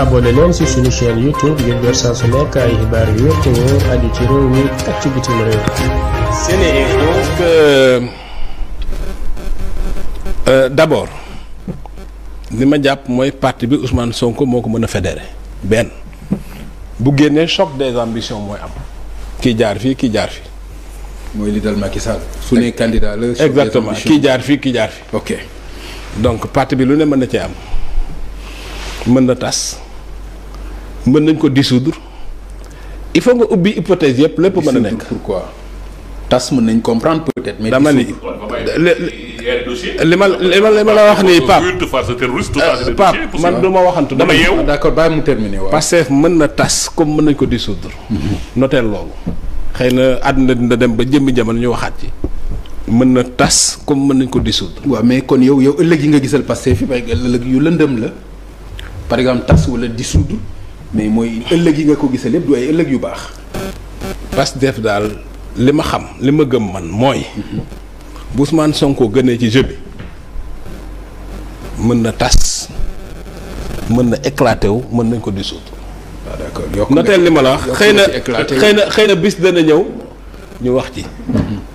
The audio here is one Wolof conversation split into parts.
abonné leen ci suñu chaîne YouTube ngir jot saa yu wér te wóor aju ci réew mi ak ci bitim réew. Sénégal donc euh, li ma jàpp mooy parti bi Ousmane sonk moo ko mën a federe benn bu génnee choc des ambitions mooy am kii jaar fii kii jaar fii. mooy li dal Macky Sall. su ne candidat la. exactement kii jaar fii kii jaar fii. ok donc parti bi lu ne mën na cee am mën na tas. mën nañ ko dissoudre il faut nga ubbi hypothèse yëpp lépp mën a nekk. pourquoi tas mën nañ comprendre peut-être. mais dama ni li ma li ma li ma la wax nii Pape euh, Pape man ma waxantu dama yeewu ah, d'accord bàyyi mu terminer waaw. Pastef mën na tas comme mën nañ ko dissoudre. noteel loolu. xëy na àdduna dina dem ba jëmmi jamono ñu waxaat ci. mën na tas comme mën nañ ko dissoudre. waaw mais kon yow yow ëllëg yi nga gisal Pastef fi parce que ëllëg yu lëndëm la par exemple tas wala dissoudre. mais mooy ëllëg yi nga ko gisee lépp du ay ëllëg yu baax. Pastef daal li ma xam li ma gëm man mooy. bu sonkoo gënee ci jeu bi mën na tas mën na éclaté wu mën nañ ko di waaw ah, d'accord noteel li ma la wax xëy na xëy na xëy na bis dana ñëw ñu wax ci. Mm-hmm.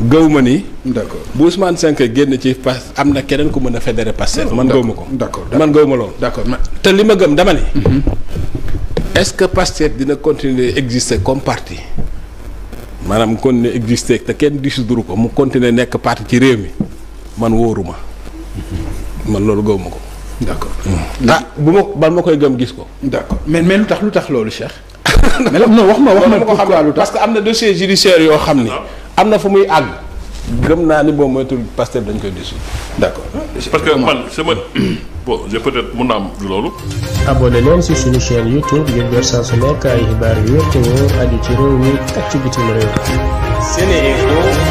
gëw ma ni. d'accord bu Ousmane Sonko génn ci pas am na keneen ku mën a fédéré Pastef oh, man gëw ma ko. d'accord man gëw ma loolu. d'accord te li ma gëm dama ni. Mhm. est-ce que Pastef dina continuer exister comme parti maanaam continuer exister te kenn dissoudre ko mu continuer nekk parti ci réew mi man wóoruma mhm. man loolu gëw ma ko. d'accord mhm. ah bu ma ban ma koy gëm gis ko. d'accord mais mais lu tax lu tax loolu Cheikh. mais non wax ma wax ma. pourquoi lu tax parce que am na dossier judiciaire yoo xam ni. am na fu muy àgg gëm naa ni boo moytul Pastef dañ koy di dissoudre d'accord. parce que man sama bon j'ai peut-être mun naa am loolu. abonné leen ci suñu chaîne YouTube ngir jot saa su nekk xibaar yu wér ci réew mi ak ci bitim réew.